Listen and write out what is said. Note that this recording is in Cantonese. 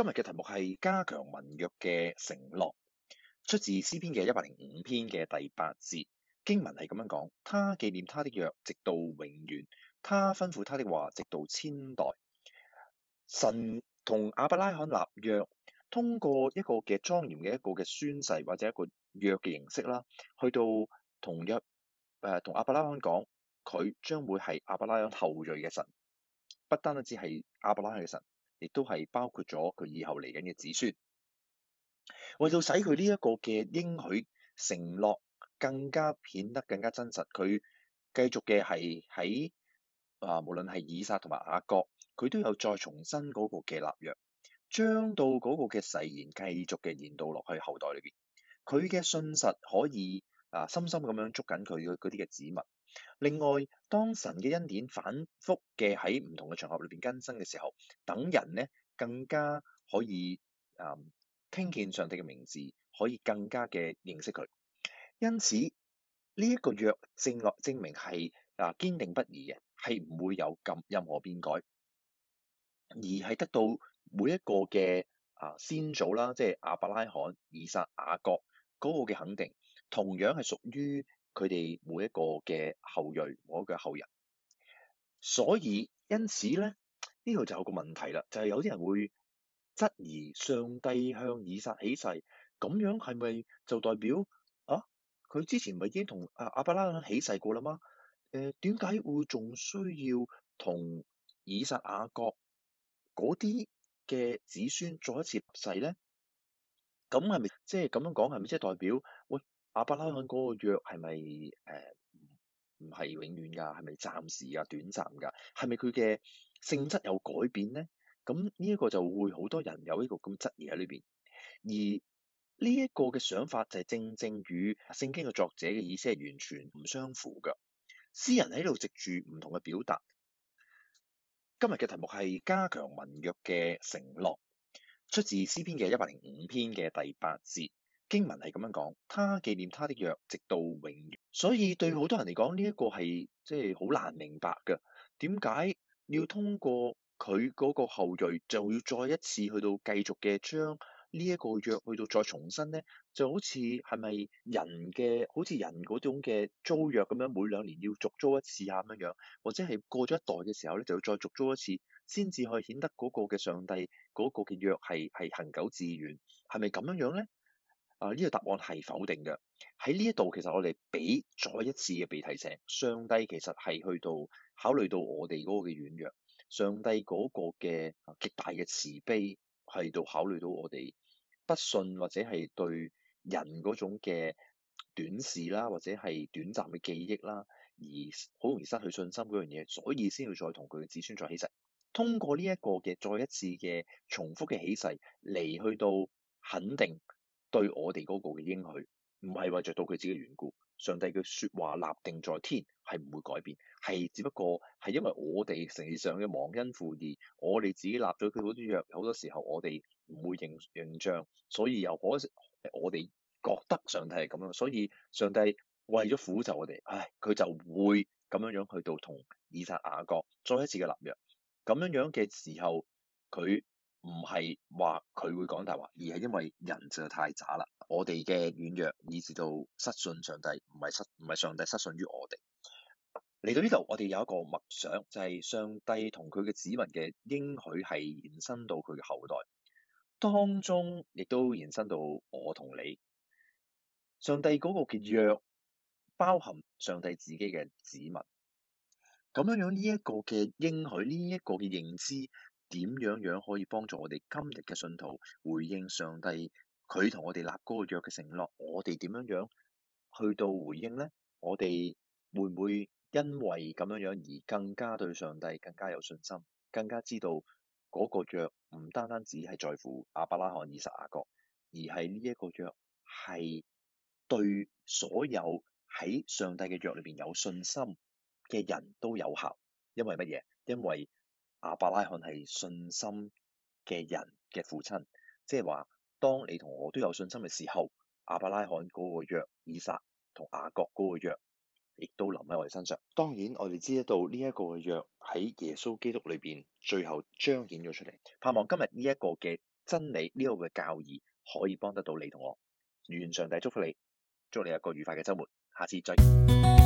今日嘅題目係加強盟約嘅承諾，出自詩篇嘅一百零五篇嘅第八節，經文係咁樣講：他紀念他的約，直到永遠；他吩咐他的話，直到千代。神同亞伯拉罕立約，通過一個嘅莊嚴嘅一個嘅宣誓或者一個約嘅形式啦，去到同約誒、呃、同亞伯拉罕講，佢將會係亞伯拉罕後裔嘅神，不單只係亞伯拉罕嘅神。亦都係包括咗佢以後嚟緊嘅子孫，為到使佢呢一個嘅應許承諾更加顯得更加真實，佢繼續嘅係喺啊，無論係以撒同埋雅各，佢都有再重申嗰個嘅立約，將到嗰個嘅誓言繼續嘅延到落去後代裏邊，佢嘅信實可以啊深深咁樣捉緊佢嗰啲嘅子民。另外，當神嘅恩典反覆嘅喺唔同嘅場合裏邊更新嘅時候，等人呢更加可以啊、嗯、聽見上帝嘅名字，可以更加嘅認識佢。因此呢一、這個約正落證明係啊堅定不移嘅，係唔會有咁任何變改，而係得到每一個嘅啊先祖啦，即係亞伯拉罕、以撒、雅各嗰、那個嘅肯定。同樣係屬於佢哋每一個嘅後裔，每一個後人。所以因此咧，呢度就有個問題啦，就係有啲人會質疑上帝向以撒起誓，咁樣係咪就代表啊？佢之前咪已經同阿亞伯拉罕起誓過啦嗎？誒點解會仲需要同以撒雅各嗰啲嘅子孫再一次立誓咧？咁係咪即係咁樣講，係咪即係代表？亞伯拉罕嗰個約係咪誒唔係永遠噶？係咪暫時噶，短暫噶？係咪佢嘅性質有改變咧？咁呢一個就會好多人有呢個咁質疑喺呢邊。而呢一個嘅想法就係正正與聖經嘅作者嘅意思係完全唔相符噶。詩人喺度藉住唔同嘅表達。今日嘅題目係加強盟約嘅承諾，出自詩篇嘅一百零五篇嘅第八節。經文係咁樣講，他紀念他的約直到永遠。所以對好多人嚟講，呢、這、一個係即係好難明白嘅。點解要通過佢嗰個後裔，就要再一次去到繼續嘅將呢一個約去到再重新呢？就好似係咪人嘅好似人嗰種嘅租約咁樣，每兩年要續租一次啊咁樣樣，或者係過咗一代嘅時候咧，就要再續租一次，先至可以顯得嗰個嘅上帝嗰個嘅約係係恒久自遠，係咪咁樣樣咧？啊！呢、這個答案係否定嘅。喺呢一度，其實我哋俾再一次嘅被提醒，上帝其實係去到考慮到我哋嗰個嘅軟弱，上帝嗰個嘅極大嘅慈悲係到考慮到我哋不信，或者係對人嗰種嘅短視啦，或者係短暫嘅記憶啦，而好容易失去信心嗰樣嘢，所以先要再同佢嘅子孫再起誓。通過呢一個嘅再一次嘅重複嘅起誓，嚟去到肯定。對我哋嗰個嘅應許，唔係為着到佢自己嘅緣故，上帝嘅說話立定在天，係唔會改變，係只不過係因為我哋城市上嘅忘恩負義，我哋自己立咗佢嗰啲約，好多時候我哋唔會認認賬。所以又可我哋覺得上帝係咁樣，所以上帝為咗輔助我哋，唉，佢就會咁樣樣去到同以撒雅各再一次嘅立約，咁樣樣嘅時候佢。唔係話佢會講大話，而係因為人就太渣啦。我哋嘅軟弱，以至到失信上帝，唔係失，唔係上帝失信於我哋。嚟到呢度，我哋有一個默想，就係、是、上帝同佢嘅子民嘅應許係延伸到佢嘅後代，當中亦都延伸到我同你。上帝嗰個嘅約，包含上帝自己嘅子民。咁樣樣呢一個嘅應許，呢、這、一個嘅認知。點樣樣可以幫助我哋今日嘅信徒回應上帝佢同我哋立嗰個約嘅承諾？我哋點樣樣去到回應咧？我哋會唔會因為咁樣樣而更加對上帝更加有信心，更加知道嗰個約唔單單只係在乎亞伯拉罕、以撒、雅各，而係呢一個約係對所有喺上帝嘅約裏邊有信心嘅人都有效。因為乜嘢？因為亞伯拉罕係信心嘅人嘅父親，即係話，當你同我都有信心嘅時候，亞伯拉罕嗰個約以撒同雅各嗰個約，亦都留喺我哋身上。當然，我哋知道呢一個約喺耶穌基督裏邊，最後彰顯咗出嚟。盼望今日呢一個嘅真理，呢、這個嘅教義，可以幫得到你同我。願上帝祝福你，祝你有個愉快嘅周末，下次再見。